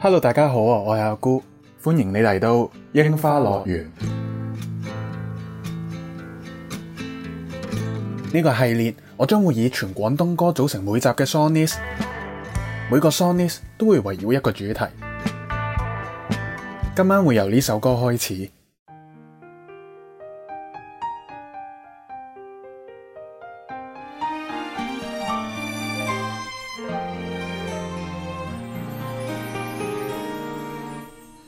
Hello，大家好啊！我係阿姑，歡迎你嚟到櫻花樂園。呢、這個系列，我將會以全廣東歌組成每集嘅 song list，每個 song list 都會圍繞一個主題。今晚會由呢首歌開始。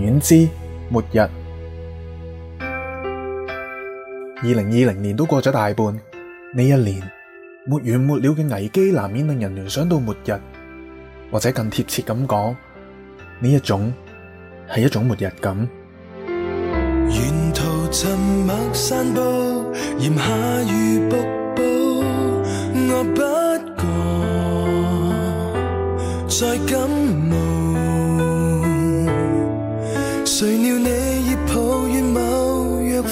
遠之末日，二零二零年都過咗大半，呢一年沒完沒了嘅危機，難免令人聯想到末日，或者更貼切咁講，呢一種係一種末日感。沿途沉默散步，炎夏如瀑布，我不覺在感冒。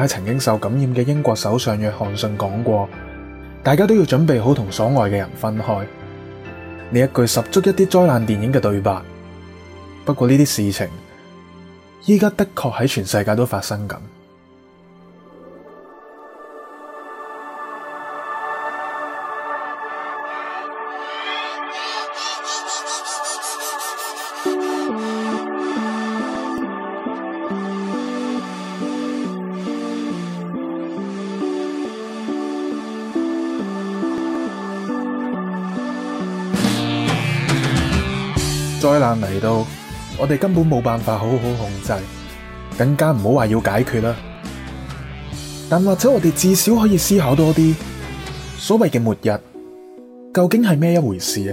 喺曾經受感染嘅英國首相約翰遜講過，大家都要準備好同所愛嘅人分開，呢一句十足一啲災難電影嘅對白。不過呢啲事情，依家的確喺全世界都發生緊。到我哋根本冇辦法好好控制，更加唔好話要解決啦。但或者我哋至少可以思考多啲，所謂嘅末日，究竟係咩一回事啊？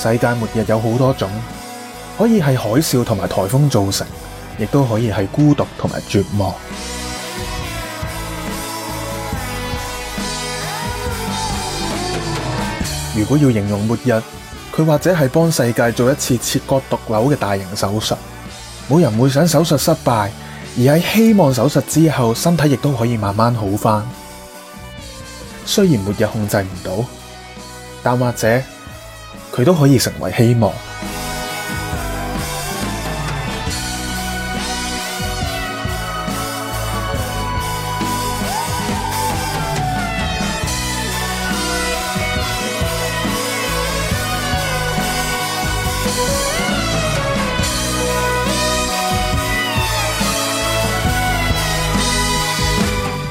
世界末日有好多種，可以係海嘯同埋台風造成，亦都可以係孤獨同埋絕望。如果要形容末日，佢或者係幫世界做一次切割毒瘤嘅大型手術，冇人會想手術失敗，而喺希望手術之後，身體亦都可以慢慢好返。雖然末日控制唔到，但或者。佢都可以成為希望。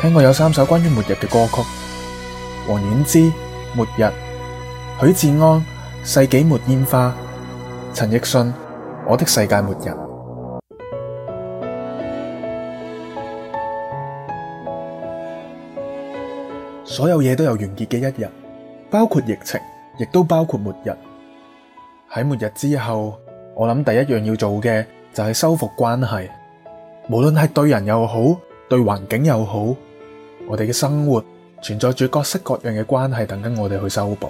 聽過有三首關於末日嘅歌曲，王菀之《末日》，許志安。世紀末煙花，陳奕迅《我的世界末日》。所有嘢都有完結嘅一日，包括疫情，亦都包括末日。喺末日之後，我諗第一樣要做嘅就係修復關係，無論係對人又好，對環境又好。我哋嘅生活存在住各式各樣嘅關係，等緊我哋去修補。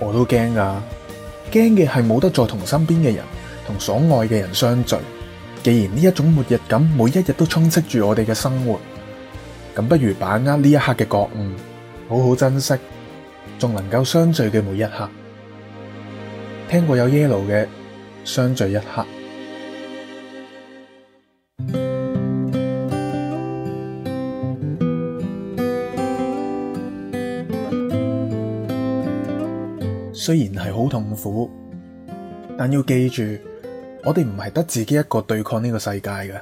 我都驚㗎，驚嘅係冇得再同身邊嘅人、同所愛嘅人相聚。既然呢一種末日感每一日都充斥住我哋嘅生活，咁不如把握呢一刻嘅覺悟，好好珍惜，仲能夠相聚嘅每一刻。聽過有 yellow 嘅相聚一刻。雖然係好痛苦，但要記住，我哋唔係得自己一個對抗呢個世界嘅。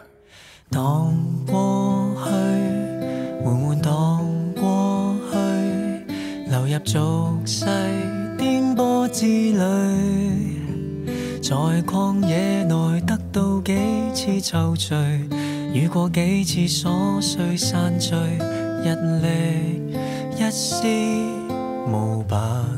盪過去，緩緩盪過去，流入俗世顛簸之旅，在曠野內得到幾次臭罪，遇過幾次瑣碎散聚，一粒一絲無白。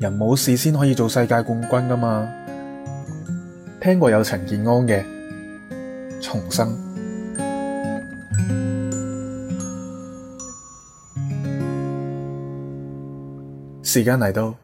人冇事先可以做世界冠軍噶嘛？聽過有陳建安嘅重生，時間嚟到。